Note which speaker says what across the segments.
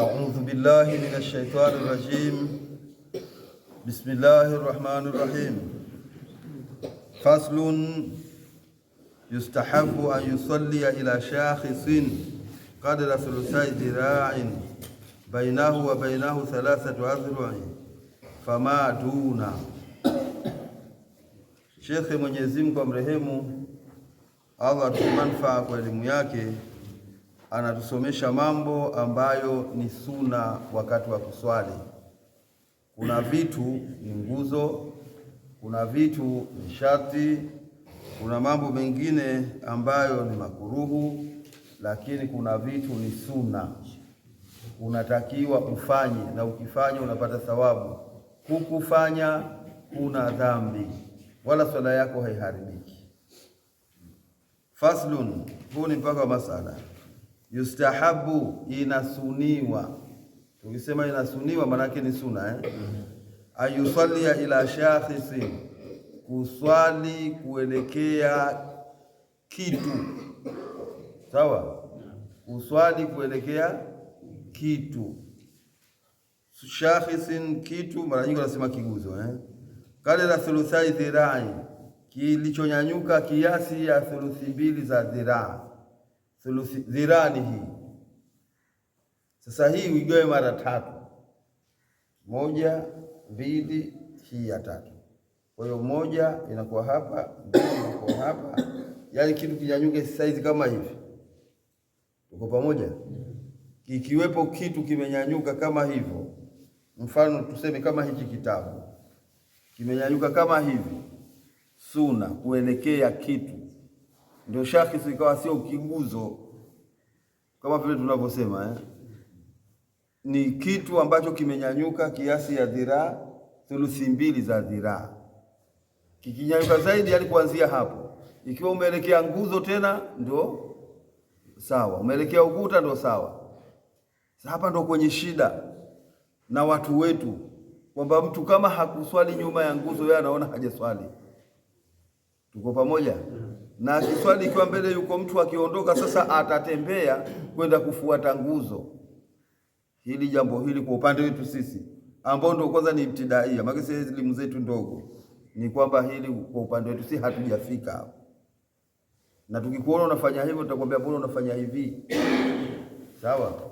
Speaker 1: أعوذ بالله من الشيطان الرجيم بسم الله الرحمن الرحيم فصل يستحب أن يصلي إلى شاخص قدر ثلثي ذراع بينه وبينه ثلاثة أذرع فما دون شيخ من Mungu amrehemu, الله atumanfaa anatusomesha mambo ambayo ni suna wakati wa kuswali. Kuna vitu ni nguzo, kuna vitu ni sharti, kuna mambo mengine ambayo ni makuruhu, lakini kuna vitu ni suna, unatakiwa ufanye, na ukifanya unapata thawabu. Hukufanya kuna dhambi, wala swala yako haiharibiki. Faslun, huu ni mpaka wa masala yustahabu, inasuniwa. Tukisema inasuniwa maanake ni suna eh? Mm-hmm. ayusalia ila shakhisi, kuswali kuelekea kitu sawa, kuswali kuelekea kitu shakhisin, kitu mara nyingi wanasema kiguzo eh? kale la thuluthai dhirai, kilichonyanyuka kiasi ya thuluthi mbili za dhiraa thuluthi hii Sasa hii uigawe mara tatu, moja mbili, hii ya tatu. Kwa hiyo moja inakuwa hapa, mbili inakuwa hapa, yaani kitu kinyanyuke saizi kama hivi. Tuko pamoja? Ikiwepo kitu kimenyanyuka kama hivyo, mfano tuseme kama hichi kitabu kimenyanyuka kama hivi, suna kuelekea kitu ndio shakhsi ikawa sio kiguzo kama vile tunavyosema eh? Ni kitu ambacho kimenyanyuka kiasi ya dhiraa thuluthi mbili za dhiraa, kikinyanyuka zaidi, yaani kuanzia hapo. Ikiwa umeelekea nguzo tena ndio sawa, umeelekea ukuta ndio sawa. Sasa hapa ndio kwenye shida na watu wetu, kwamba mtu kama hakuswali nyuma ya nguzo, yeye anaona hajaswali. Tuko pamoja? na kiswali ikiwa mbele, yuko mtu akiondoka sasa, atatembea kwenda kufuata nguzo. Hili jambo hili kwa upande wetu sisi ambao ndio kwanza ni ibtidaia, maana sisi elimu zetu ndogo, ni kwamba hili kwa upande wetu si hatujafika hapo, na tukikuona unafanya hivyo tutakwambia mbona unafanya hivi. Sawa,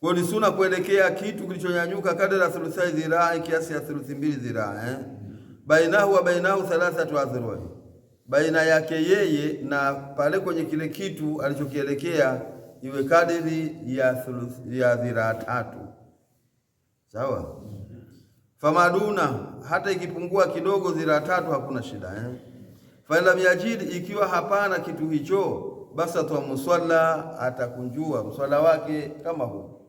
Speaker 1: kwa ni suna kuelekea kitu kilichonyanyuka la thuluthi dhiraa, kiasi ya thuluthi mbili dhiraa, eh bainahu wa bainahu thalathatu azrua baina yake yeye na pale kwenye kile kitu alichokielekea iwe kadiri ya thuluth, ya dhiraa tatu sawa. Famaduna, hata ikipungua kidogo dhiraa tatu hakuna shida eh? Falam miajidi, ikiwa hapana kitu hicho, basi atwa muswala, atakunjua mswala wake kama huu.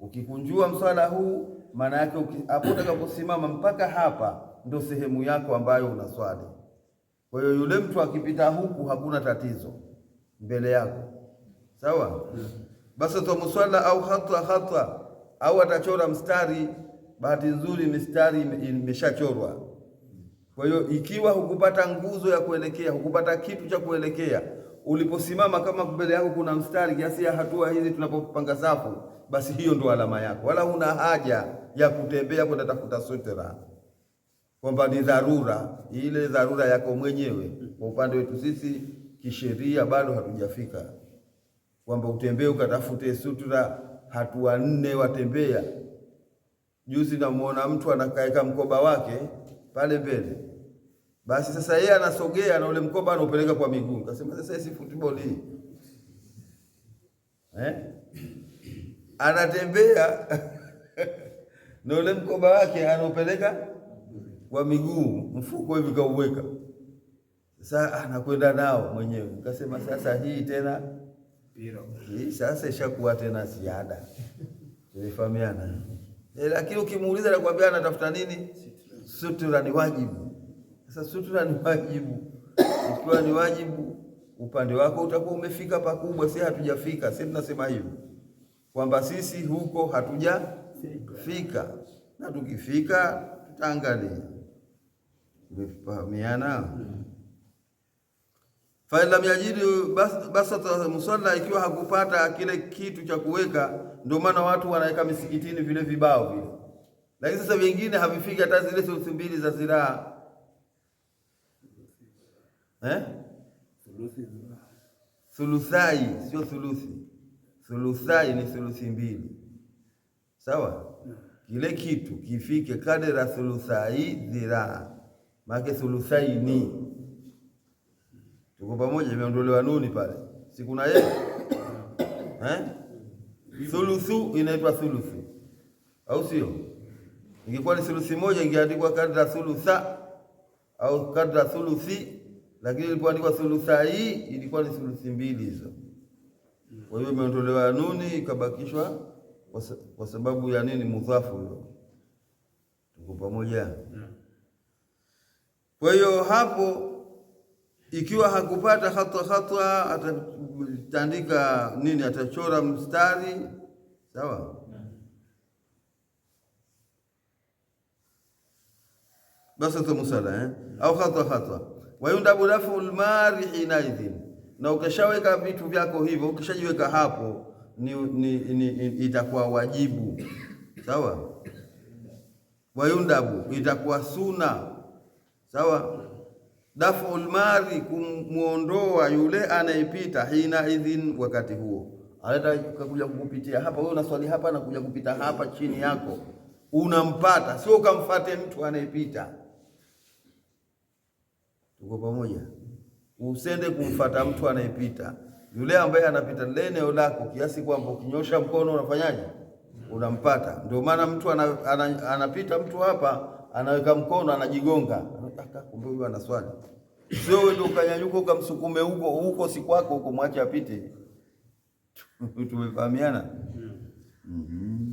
Speaker 1: Ukikunjua mswala huu, maana yake hapo utakaposimama mpaka hapa, ndo sehemu yako ambayo unaswali kwa hiyo yule mtu akipita huku hakuna tatizo mbele yako, sawa? Basi muswala au hatwa hatwa au atachora mstari. Bahati nzuri mistari imeshachorwa. Kwa hiyo ikiwa hukupata nguzo ya kuelekea, hukupata kitu cha kuelekea, uliposimama kama mbele yako kuna mstari kiasi ya hatua hizi tunapopanga safu, basi hiyo ndo alama yako, wala huna haja ya kutembea kwenda tafuta sutra kwamba ni dharura, ile dharura yako mwenyewe. Kwa upande wetu sisi kisheria bado hatujafika kwamba utembee ukatafute sutra hatua nne watembea. Juzi namuona mtu anakaeka mkoba wake pale mbele, basi sasa yeye anasogea na ule mkoba anaupeleka kwa miguu, kasema sasa si football hii eh? anatembea na ule mkoba wake anaupeleka kwa miguu mfuko hivi kauweka. Sasa anakwenda ah, nao mwenyewe, nikasema sasa hii tena hii sasa ishakuwa tena ziada tulifahamiana. E, eh, lakini ukimuuliza nakwambia anatafuta nini? Sutura ni wajibu. Sasa sutura ni wajibu, ikiwa ni wajibu upande wako utakuwa umefika pakubwa. Si hatujafika, si tunasema hivyo kwamba sisi huko hatujafika, na tukifika tutaangalia Tumefahamiana? Mm-hmm. Fa lam yajidu basata musalla, ikiwa hakupata kile kitu cha kuweka. Ndio maana watu wanaweka misikitini vile vibao vile, lakini sasa vingine havifiki hata zile thuluthi mbili za ziraa eh? Thuluthai sio thuluthi, thuluthai ni thuluthi mbili, sawa. Mm. Kile kitu kifike la thuluthai ziraa maake thuluthaini, tuko pamoja, imeondolewa nuni pale, si kuna yeye eh? Thuluthu inaitwa thuluthu, au sio? Ingekuwa ni thuluthi moja ingeandikwa kadra thulutha au kadra thuluthi, lakini ilipoandikwa hii ilikuwa ni thuluthi mbili hizo. Kwa hiyo imeondolewa nuni ikabakishwa kwa sababu ya nini? Mudhafu huyo, tuko pamoja. Kwa hiyo hapo ikiwa hakupata hatwa hatwa atatandika nini? Atachora mstari sawa. Basata musala eh? au hatwa hatwa wayundabu rafu lmari hinaidhin. Na ukishaweka vitu vyako hivyo, ukishajiweka hapo ni, ni, ni, itakuwa wajibu sawa. Wayundabu itakuwa suna sawa. Dafu ulmari, kumwondoa yule anayepita. Hina idhin, wakati huo anatakakuja kukupitia hapa, wewe unaswali hapa na kuja kupita hapa chini yako, unampata. Sio ukamfate mtu anayepita. Tuko pamoja? Usende kumfata mtu anayepita, yule ambaye anapita lile eneo lako, kiasi kwamba ukinyosha mkono unafanyaje? Unampata. Ndio maana mtu anapita, mtu hapa anaweka mkono, anajigonga kumbe kubebwa ana swali, sio wewe ndio ukanyanyuka ukamsukume huko huko, si kwako huko, mwache apite. Tumefahamiana? Mm-hmm.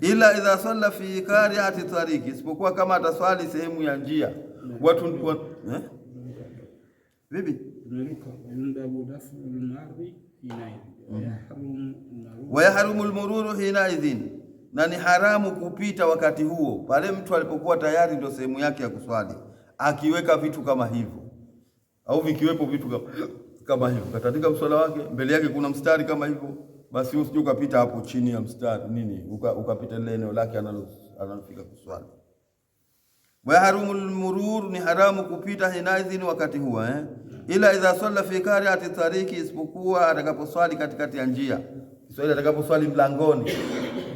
Speaker 1: Ila idha salla fi kariati tariki, isipokuwa kama ataswali sehemu ya njia watu eh? Bibi
Speaker 2: mm-hmm.
Speaker 1: Wa yahrumu hina idhin na ni haramu kupita wakati huo, pale mtu alipokuwa tayari ndio sehemu yake ya kuswali, akiweka vitu kama hivyo au vikiwepo vitu kama, kama hivyo, katika mswala wake mbele yake kuna mstari kama hivyo, basi usije ukapita hapo chini ya mstari nini, ukapita uka lile eneo lake analofika kuswali. Wa Wayaharumul murur, ni haramu kupita hinaidhini wakati huo eh? Ila idha salla fi kariati tariki, isipokuwa atakaposwali katikati ya njia, Kiswahili atakaposwali mlangoni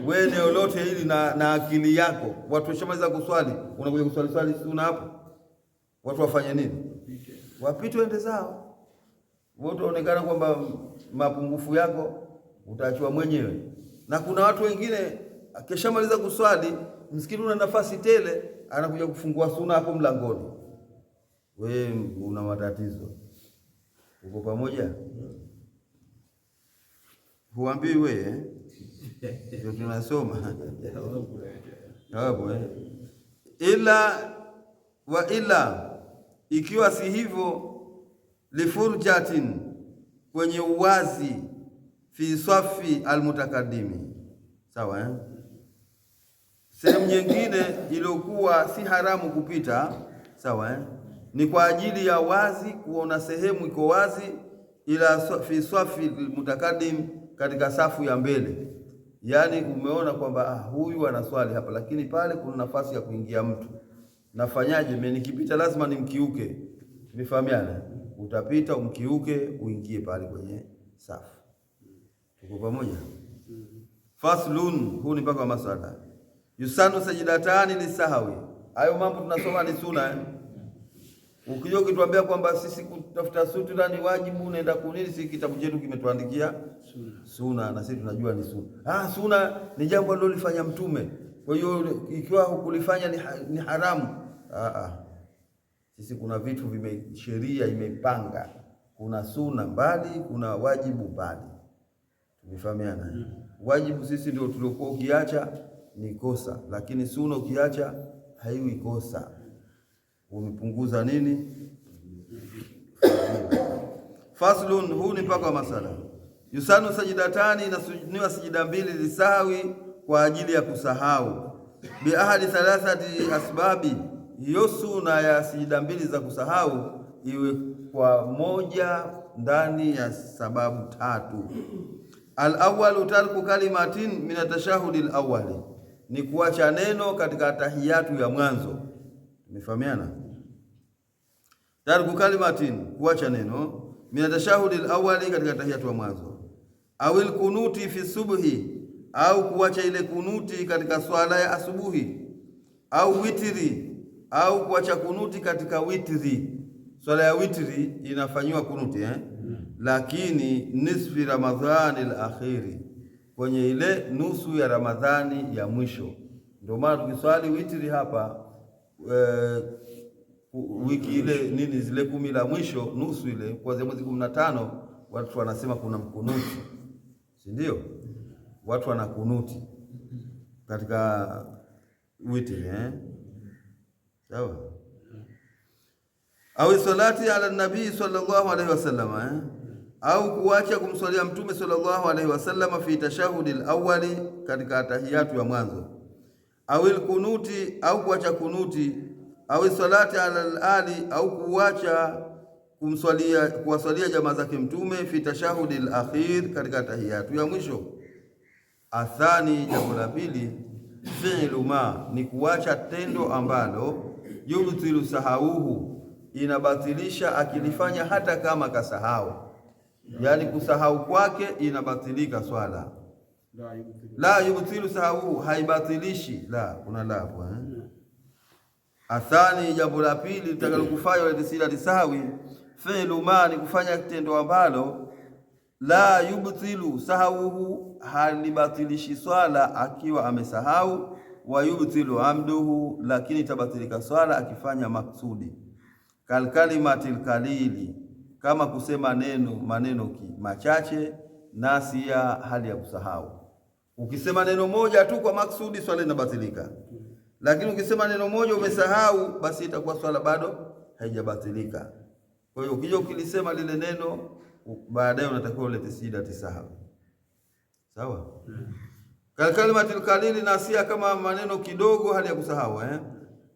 Speaker 1: wewe eneo lote hili na, na akili yako, watu washamaliza kuswali, unakuja kuswali swali una hapo. Watu wafanye nini? Wapite wende zao, wewe utaonekana kwamba mapungufu yako utaachiwa mwenyewe. Na kuna watu wengine akishamaliza kuswali msikiti una nafasi tele, anakuja kufungua suna hapo mlangoni. Wewe una matatizo, uko pamoja? Mm. Huambii wewe eh? ndio tunasoma jawabu eh, ila wa ila, ikiwa si hivyo, lifurjatin, kwenye uwazi, fi swafi almutakadimi, sawa eh? Sehemu nyingine iliyokuwa si haramu kupita, sawa eh? ni kwa ajili ya wazi, kuona sehemu iko wazi, ila fi swafi almutakadim katika safu ya mbele, yaani umeona kwamba ah, huyu anaswali hapa, lakini pale kuna nafasi ya kuingia mtu, nafanyaje? Mimi nikipita lazima nimkiuke. Tumefahamiana? Utapita umkiuke, uingie pale kwenye safu. Tuko pamoja? Faslun, huu ni mpaka wa masala. Yusanu sajidatani lisahawi. Hayo mambo tunasoma ni sunna. Eh? Ukija ukituambia kwamba sisi kutafuta sutura ni wajibu, unaenda kunini? Si kitabu chetu kimetuandikia suna, Na sisi tunajua ni suna. Ah, suna ni jambo alilofanya Mtume. Kwa hiyo ikiwa hukulifanya ni, ha, ni haramu. Ah, ah. Sisi kuna vitu vime sheria imepanga, kuna suna mbali, kuna wajibu mbali. Tumefahamiana hmm. Wajibu sisi ndio tuliokuwa, ukiacha ni kosa, lakini suna ukiacha haiwi kosa. Umepunguza nini? Faslun, huu ni mpaka wa masala Yusanu sajidatani, inasujuniwa sijida mbili lisawi, kwa ajili ya kusahau. Bi ahadi thalathati asbabi, hiyo suna ya sijida mbili za kusahau iwe kwa moja ndani ya sababu tatu. Alawalu tarku kalimatin min atashahudi alawali, ni kuacha neno katika tahiyatu ya mwanzo. Tumefahamiana? Tarku kalimatin, kuacha neno min atashahudi alawali, katika tahiyatu ya mwanzo awil kunuti fi subhi, au kuacha ile kunuti katika swala ya asubuhi, au witri, au kuacha kunuti katika witri. Swala ya witri inafanyiwa kunuti eh? Lakini nisfi Ramadhani al-akhiri, kwenye ile nusu ya Ramadhani ya mwisho. Ndio maana tukiswali witri hapa eh, wiki ile nini zile kumi la mwisho nusu ile kuanzia mwezi kumi na tano watu wanasema kuna mkunuti si ndio? Watu wanakunuti katika witi eh? Sawa au salati ala nabii sallallahu alaihi wasallam eh? au kuacha kumswalia mtume sallallahu alaihi wasallam fi tashahudi alawali, katika tahiyatu ya mwanzo, au kunuti au kuacha kunuti, au salati ala alali, au kuacha kumswalia kuwaswalia jamaa zake mtume fi tashahudi akhir katika tahiyatu ya mwisho. Athani, jambo la pili, fi'lu ma ni kuwacha tendo ambalo yubtilu sahauhu, inabatilisha akilifanya hata kama kasahau, yaani kusahau kwake inabatilika swala. La yubtilu sahauhu, haibatilishi la, kuna hapo eh? Athani, jambo la pili litakalo lisahawi fi'lu ma ni kufanya kitendo ambalo la yubtilu sahauhu, halibatilishi swala akiwa amesahau. Wa yubtilu amduhu, lakini tabatilika swala akifanya maksudi. Kalkalimati kalili kama kusema neno maneno machache, nasia, hali ya kusahau. Ukisema neno moja tu kwa maksudi, swala inabatilika, lakini ukisema neno moja umesahau, basi itakuwa swala bado haijabatilika. Kwa hiyo ukija ukilisema lile neno baadaye unatakiwa ulete sijida tisahau. Sawa? Mm. Kalkalimatil kalili nasia, kama maneno kidogo hali ya kusahau eh?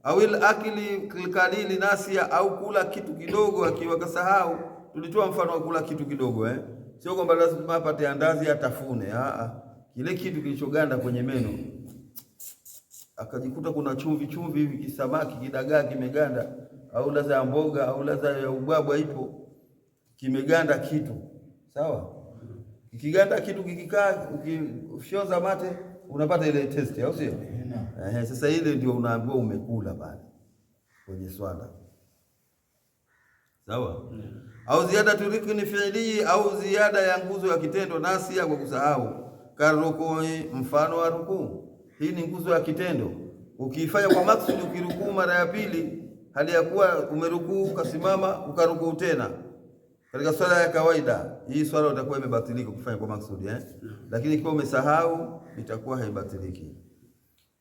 Speaker 1: Awil akili kalili nasia, au kula kitu kidogo akiwa kasahau. Tulitoa mfano wa kula kitu kidogo eh? Sio kwamba lazima apate andazi atafune. Ah, ah, kile kitu kilichoganda kwenye meno akajikuta kuna chumvi chumvi hivi, kisamaki kidagaa kimeganda au ladha ya mboga au ladha ya ubwabwa ipo, kimeganda kitu sawa. Kikiganda kitu kikikaa, ukifyoza mate unapata ile testi, au sio? Eh, sasa ile ndio unaambiwa umekula pale kwenye swala sawa. Au ziada ni fiili, au ziada ya nguzo ya kitendo ya kwa kusahau, karukui, mfano wa rukuu. Hii ni nguzo ya kitendo, ukiifanya kwa maksudi, ukirukuu mara ya pili hali ya kuwa umerukuu ukasimama ukarukuu tena katika swala ya kawaida hii swala itakuwa imebatilika kufanya kwa maksudi eh? Lakini kwa umesahau itakuwa haibatiliki.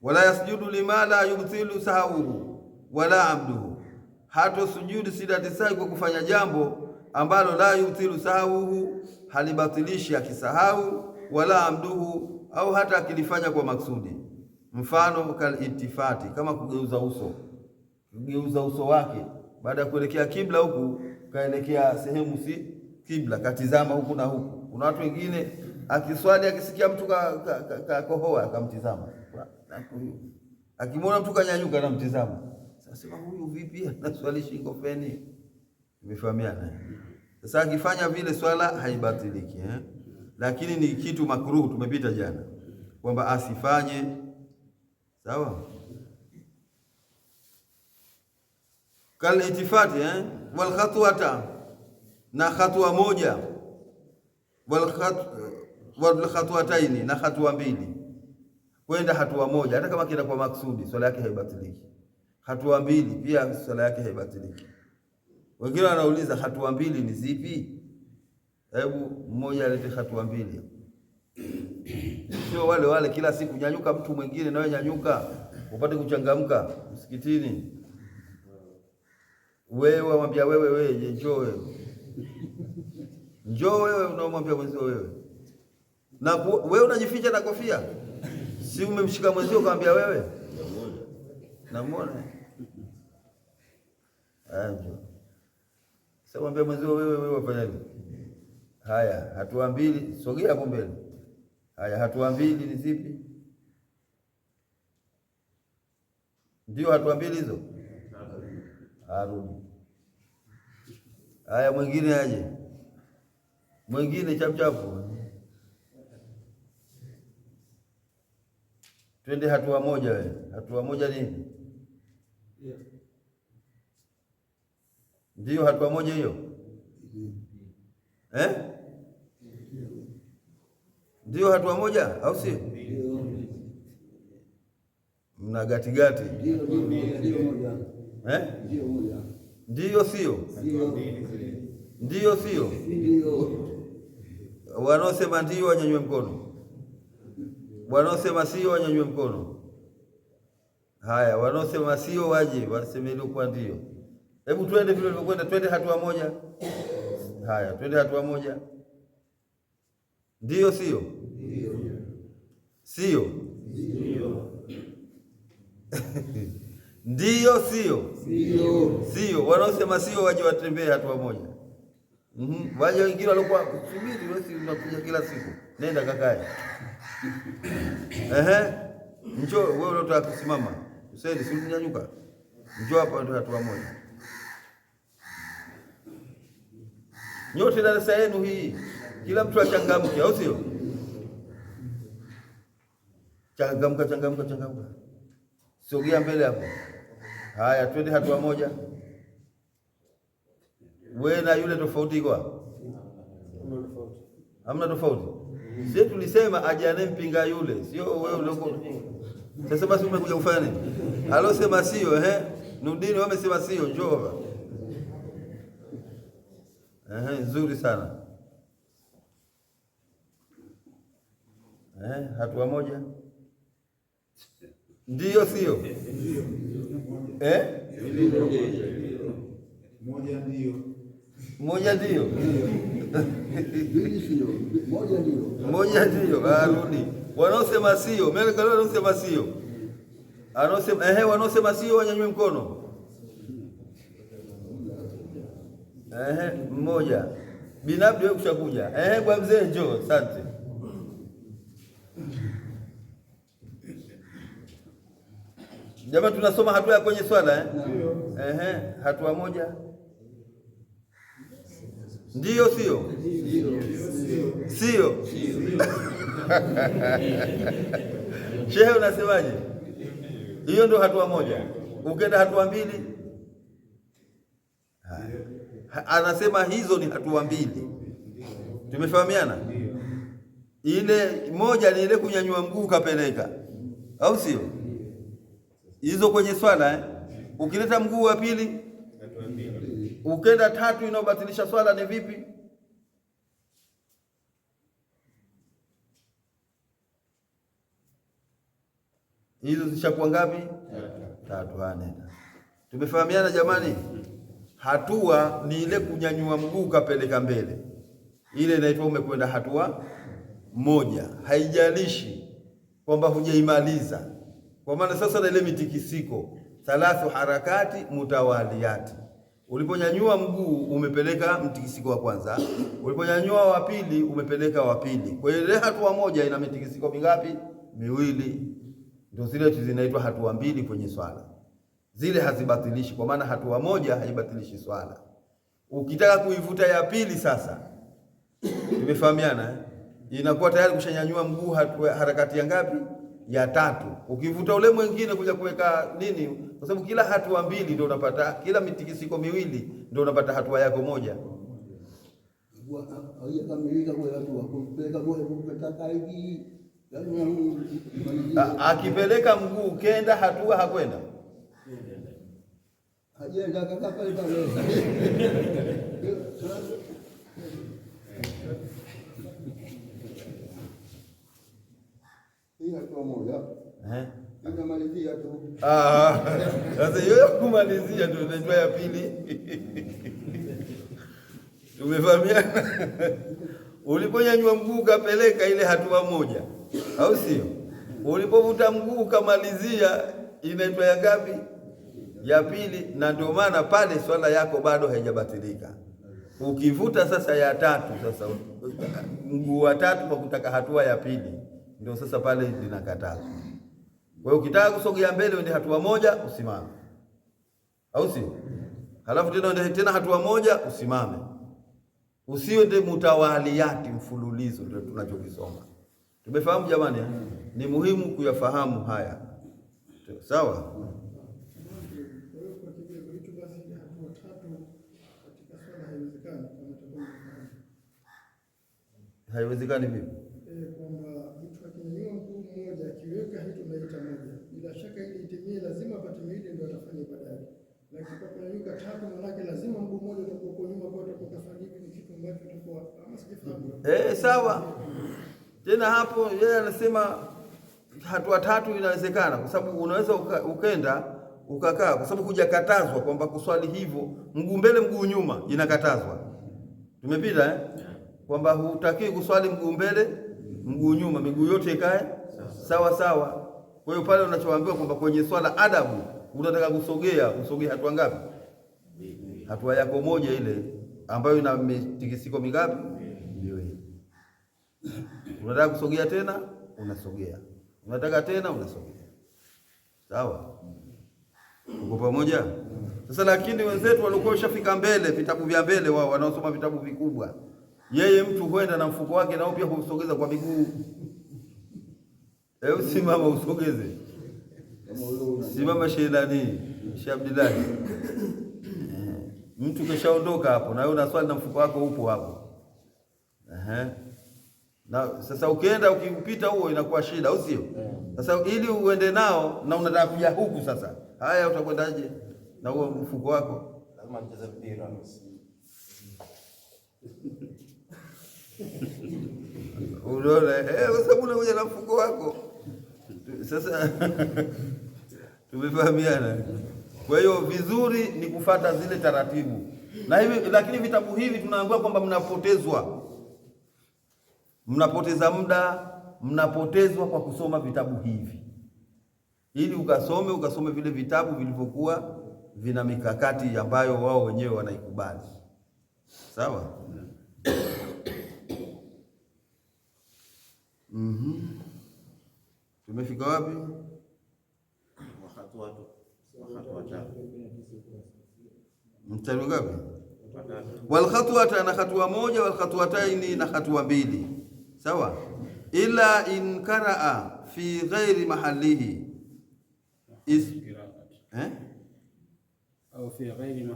Speaker 1: Wala yasjudu lima la yubtilu sahauhu wala amduhu, hato sujudi sidatisai kwa kufanya jambo ambalo la yubtilu sahauhu, halibatilishi akisahau, wala amduhu, au hata akilifanya kwa maksudi, mfano kalitifati, kama kugeuza uso mgeuza uso wake, baada ya kuelekea kibla huku kaelekea sehemu si kibla, katizama huku na huku. Kuna watu wengine akiswali akisikia mtu kakohoa ka, ka, akamtizama, akimwona mtu kanyanyuka anamtizama. Sasa huyu vipi anaswali shingo feni? Imefahamiana. Sasa akifanya vile swala haibatiliki eh? Lakini ni kitu makruhu, tumepita jana kwamba asifanye. Sawa. kal itifati eh? wal khatwata na khatua moja wal khat wal khatwataini na hatua mbili kwenda hatua moja, hata kama kienda kwa maksudi swala yake haibatiliki. Hatua mbili pia swala yake haibatiliki. Wengine wanauliza hatua mbili ni zipi? Hebu mmoja alete hatua mbili, sio wale wale kila siku nyanyuka, mtu mwingine nawe nyanyuka upate kuchangamka msikitini. Wewe wambia wewe wewe, njoo wewe, njoo wewe, unamwambia mwenzio wewe, na wewe unajificha na kofia, si umemshika mwenzio ukamwambia wewe, namwona sasa, mwambia mwenzio wewe, wewe wafanya hivi. Haya, hatua mbili, sogea hapo mbele. Haya, hatua mbili ni zipi? Ndio hatua mbili hizo arudi. Haya, mwingine aje, mwingine chapchapu, twende hatua moja. We, hatua moja nini? Ndiyo, hatua moja hiyo eh? Ndiyo, hatua moja au sio? Mna gatigati Eh? Ndio sio? ndio sio? Wanaosema ndio wanyanyue mkono, wanaosema sio wanyanyue mkono. Haya, wanaosema sio waje waseme ilikuwa ndio. Hebu twende vile tulivyokwenda, twende hatua moja. Haya, twende hatua moja. Ndio sio? Sio? Ndiyo, sio sio, wanaosema sio waje watembee hatua moja. mm -hmm. Waje wengine walikuwa subiri, wewe unakuja kila siku, nenda kakae ehe, njoo wewe unataka kusimama, usaidi si unyanyuka, njoo hapa, ndio hatua moja. Nyote darasa yenu hii, kila mtu achangamke, au sio? Changamka, changamka, changamka Sogea mbele hapo. Haya, twende hatua moja. Wewe na yule tofauti iko hamna tofauti. Sisi tulisema aje anempinga yule, sio wewe ulioko. Sasa basi umekuja kufanya nini? Alosema sio ehe. Nudini wamesema sio, njoo baba. nzuri sana. Ehe, hatua moja. Ndiyo, sio eh? Moja ndio, moja ndio, moja ndio. Arudi wanaosema sio, wanaosema sio, anaosema ehe, wanaosema sio wanyanyue mkono. Ehe, mmoja. Binafsi wewe kushakuja. Ehe, kwa mzee njoo, asante. Jamaa, tunasoma hatua ya kwenye swala eh? eh, hatua moja ndiyo, sio sio? Shehe, unasemaje? Hiyo ndio hatua moja. Ukenda hatua mbili, anasema hizo ni hatua mbili. Tumefahamiana, ile moja ni ile kunyanyua mguu ukapeleka, au sio? hizo kwenye swala eh? Ukileta mguu wa pili ukenda tatu inaobatilisha swala ni vipi? Hizo zishakuwa ngapi? Tatu. Ah, nenda, tumefahamiana jamani. Hatua ni ile kunyanyua mguu kapeleka mbele, ile inaitwa umekwenda hatua moja, haijalishi kwamba hujaimaliza kwa maana sasa na ile mitikisiko thalathu harakati mutawaliati. uliponyanyua mguu umepeleka mtikisiko wa kwanza, uliponyanyua wa pili umepeleka wa pili. Kwa hiyo ile hatua moja ina mitikisiko mingapi? Miwili. Ndio zile zinaitwa hatua mbili kwenye swala, zile hazibatilishi, kwa maana hatua moja haibatilishi swala. Ukitaka kuivuta ya pili sasa, tumefahamiana, eh? inakuwa tayari kushanyanyua mguu harakati ya ngapi? ya tatu. Ukivuta ule mwingine kuja kuweka nini, kwa sababu kila hatua mbili ndio unapata, kila mitikisiko miwili ndio unapata hatua yako moja. Akipeleka mguu kenda hatua hakwenda pamoja. Eh? Ah, sasa hiyo kumalizia ndio inaitwa ya pili. Tumefahamiana? Uliponyanyua mguu ukapeleka ile hatua moja, au sio? Ulipovuta mguu ukamalizia, inaitwa ya ngapi? Ya pili. Na ndio maana pale swala yako bado haijabatilika. Ukivuta sasa ya tatu, sasa mguu wa tatu kwa kutaka hatua ya pili ndio sasa pale linakataza Wewe ukitaka kusogea mbele uende hatua moja usimame, au si halafu tena uende tena hatua moja usimame, usiende mutawaliati mfululizo. Ndio tunachokisoma tumefahamu jamani, eh? ni muhimu kuyafahamu haya, sawa. Haiwezekani vipi? Eh, sawa tena hapo yeye anasema hatua tatu inawezekana, kwa sababu unaweza uka, ukenda ukakaa, kwa sababu hujakatazwa kwamba kuswali hivyo mguu mbele mguu nyuma, inakatazwa tumepita eh? kwamba hutakiwi kuswali mguu mbele mguu nyuma, miguu yote ikae sawa sawa. Kwa hiyo pale unachoambiwa kwamba kwenye swala adabu, unataka kusogea usogee hatua ngapi? Hatua yako moja ile ambayo ina mitikisiko mingapi? Miwili. Unataka kusogea tena, unasogea. Unataka tena, unasogea. Sawa, uko pamoja? Sasa lakini wenzetu walikuwa washafika mbele, vitabu vya mbele, wao wanaosoma vitabu vikubwa. Yeye mtu huenda na mfuko wake, nao pia husogeza kwa miguu. Hebu simama usogeze, simama Sheilani Sheikh Mtu kishaondoka hapo, na wewe una swali na mfuko wako upo hapo. Ehe. Na sasa ukienda ukiupita huo inakuwa shida, au sio? Mm. Sasa ili uende nao na unataka kuja huku sasa, haya utakwendaje na huo mfuko wako? Lazima mcheze mpira. Unaona, eh, sababu unakuja na mfuko wako. Sasa tumefahamiana. Kwa hiyo vizuri ni kufata zile taratibu na hivi, lakini vitabu hivi tunaambiwa kwamba mnapotezwa, mnapoteza muda, mnapotezwa kwa kusoma vitabu hivi, ili ukasome ukasome vile vitabu vilivyokuwa vina mikakati ambayo wao wenyewe wanaikubali. Sawa. mm -hmm. Tumefika wapi? mstari ngapi? Wal khatwata, na hatua moja, wal khatwataini, na hatua mbili. Sawa, ila in karaa fi ghairi mahalihi Is... eh? au fi ghairi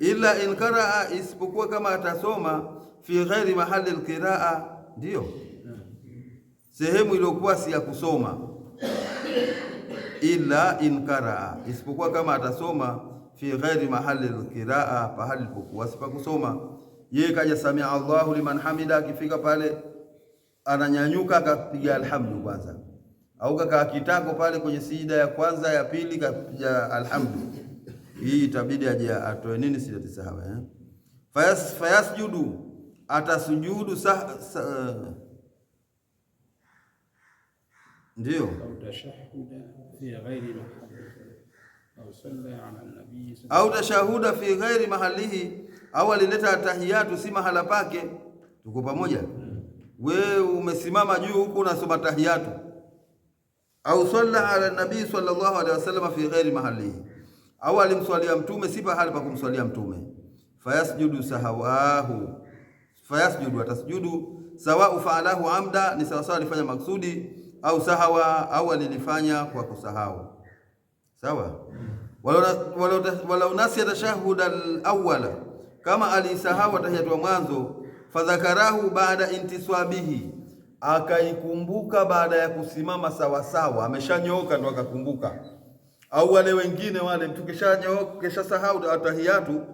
Speaker 1: ila in qaraa, isipokuwa kama atasoma fi ghairi mahali alqiraa, ndio sehemu iliyokuwa si ya kusoma. Ila in karaa, isipokuwa kama atasoma fi ghairi mahali alqiraa, pahali pokuwa si kusoma. Yeye kaja samia Allahu liman hamida, akifika pale ananyanyuka akapiga alhamdu kwanza, au kakaa kitako pale kwenye sijida ya kwanza ya pili kapiga alhamdu. Hii itabidi aje atoe nini, sijatisahau eh? Fayas, fayasjudu atasujudu sah, sah, ndio au tashahuda fi ghairi mahalihi, au alileta tahiyatu si mahala pake. Tuko pamoja? Hmm. we umesimama juu huku unasoma tahiyatu, au salla ala nabii sallallahu alaihi wasallam fi ghairi mahalihi, au alimswalia mtume si pahali pa kumswalia mtume. Fayasjudu sahawahu, fayasjudu atasujudu sawau faalahu amda, ni sawasawa alifanya maksudi, au sahawa, au alilifanya kwa kusahau sawa. Walaunasiya tashahuda alawala, kama alisahau tahiyatu wa mwanzo, fadhakarahu baada intiswabihi, akaikumbuka baada ya kusimama sawasawa. Ameshanyooka ndo akakumbuka, au wale wengine wale, mtu keshanyooka keshasahau atahiyatu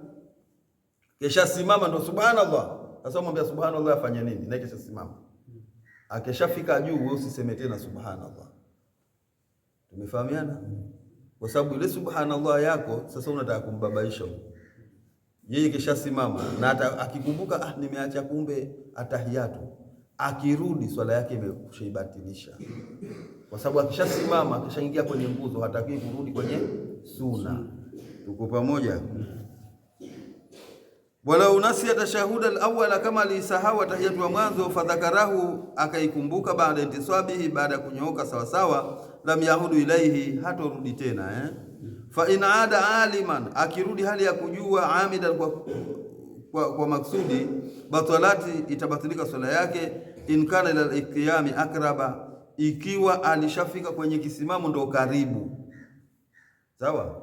Speaker 1: simama ndo subhanallah. Sasa mwambia subhanallah afanye nini? Na keshasimama akeshafika juu, wewe usiseme tena subhanallah. Tumefahamiana? kwa sababu ile subhanallah yako sasa unataka kumbabaisha yeye, kishasimama na akikumbuka, ah, nimeacha kumbe atahiyatu, akirudi swala yake imeshaibatilisha, kwa sababu akishasimama akishaingia kwenye nguzo hataki kurudi kwenye suna. Tuko pamoja? walau nasiya tashahuda alawala, kama aliisahau tahiyatu wa mwanzo, fadhakarahu akaikumbuka, baada intisabihi, baada ya kunyooka sawasawa lam yahudu ilaihi, hatorudi tena eh? fa in ada aliman, akirudi hali ya kujua amidan kwa, kwa, kwa maksudi, batalati, itabatilika swala yake. in kana ila alqiyami akraba, ikiwa alishafika kwenye kisimamo ndo karibu sawa.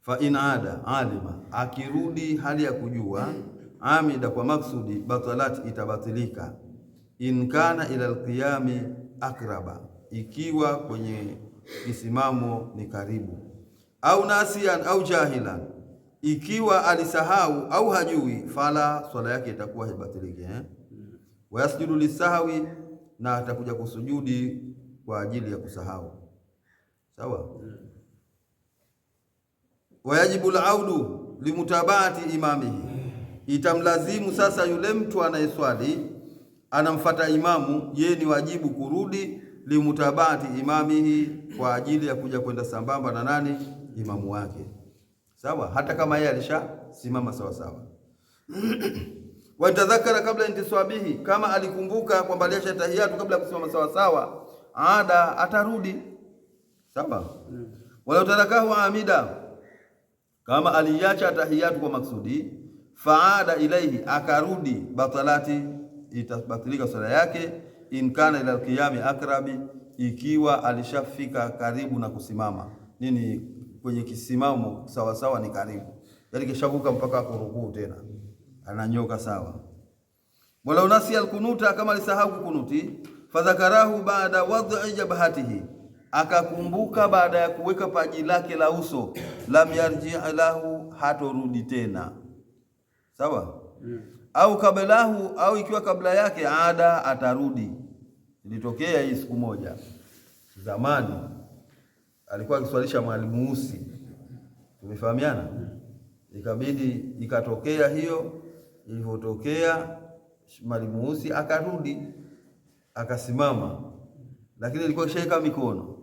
Speaker 1: fa in ada alima, akirudi hali ya kujua amida kwa maksudi, batalati, itabatilika. in kana ila alqiyami akraba ikiwa kwenye kisimamo ni karibu, au nasian au jahilan, ikiwa alisahau au hajui, fala swala yake itakuwa haibatiliki eh? Wayasjudu lisahawi, na atakuja kusujudi kwa ajili ya kusahau. Sawa, wayajibu laudu limutabati imamihi, itamlazimu sasa yule mtu anayeswali anamfata imamu, yeye ni wajibu kurudi limutabati imamihi, kwa ajili ya kuja kwenda sambamba na nani? Imamu wake. Sawa, hata kama yeye alishasimama sawa sawa. Watadhakara kabla intiswabihi, kama alikumbuka kwamba aliacha tahiyatu kabla ya kusimama sawa sawa, ada atarudi. Sawa, hmm. wala utarakahu amida, kama aliacha tahiyatu kwa maksudi, faada ilaihi, akarudi, batalati, itabatilika swala yake imkana ila alqiyami akrabi, ikiwa alishafika karibu na kusimama nini kwenye kisimamo sawasawa, ni karibu yani kishavuka mpaka kurukuu tena ananyoka sawa. Wala unasi alkunuta, kama alisahau kukunuti. Fadhakarahu baada wad'i jabhatihi, akakumbuka baada ya kuweka paji lake la uso. Lam yarji lahu, hatorudi tena sawa. Hmm au kabelahu au ikiwa kabla yake ada atarudi. Ilitokea hii siku moja zamani, alikuwa akiswalisha mwalimu Usi, tumefahamiana. Ikabidi ikatokea hiyo, ilivyotokea mwalimu Usi akarudi akasimama, lakini ilikuwa ishaika mikono.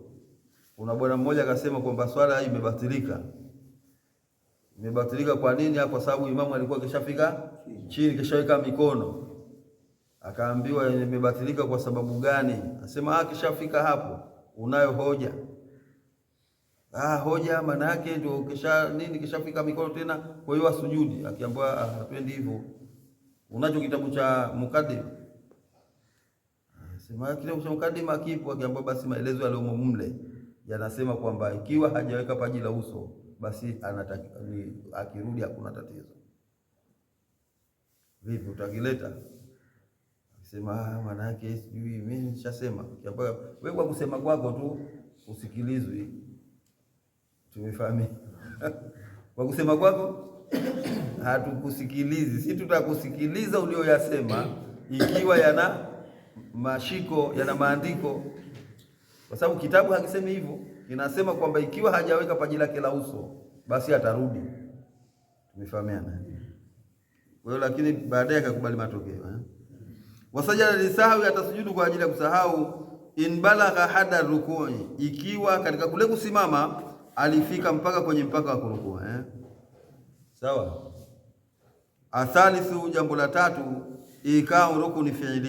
Speaker 1: Kuna bwana mmoja akasema kwamba swala hii imebatilika imebatilika. Kwa nini? Kwa sababu imamu alikuwa kishafika chini, kishaweka mikono, akaambiwa imebatilika kwa sababu gani? Anasema ah, kishafika hapo unayo hoja Ah, hoja maana yake ndio kisha nini, kishafika mikono tena, kwa hiyo asujudi. Akiambiwa hatuendi ah, hivyo, unacho kitabu cha mukadima? Sema ah, kile cha mukadima kipo. akiambia, basi maelezo yaliyomo mle yanasema kwamba ikiwa hajaweka paji la uso basi anataki, ni, akirudi hakuna tatizo. Vipi utakileta? Akisema ah, maana yake sijui mimi nishasema. Wewe kwa kusema kwako tu usikilizwi, tumefahamia kwa kusema kwako hatukusikilizi, si tutakusikiliza ulioyasema ikiwa yana mashiko yana maandiko, kwa sababu kitabu hakisemi hivyo kinasema kwamba ikiwa hajaweka paji lake la uso basi atarudi. Tumefahamiana kwa hiyo, lakini baadaye akakubali matokeo eh? Wasajada lisahwi, atasujudu kwa ajili ya kusahau. In balagha hada rukui, ikiwa katika kule kusimama alifika mpaka kwenye mpaka wa kurukua eh? Sawa. Athalithu, jambo la tatu, ikaa rukuni fiili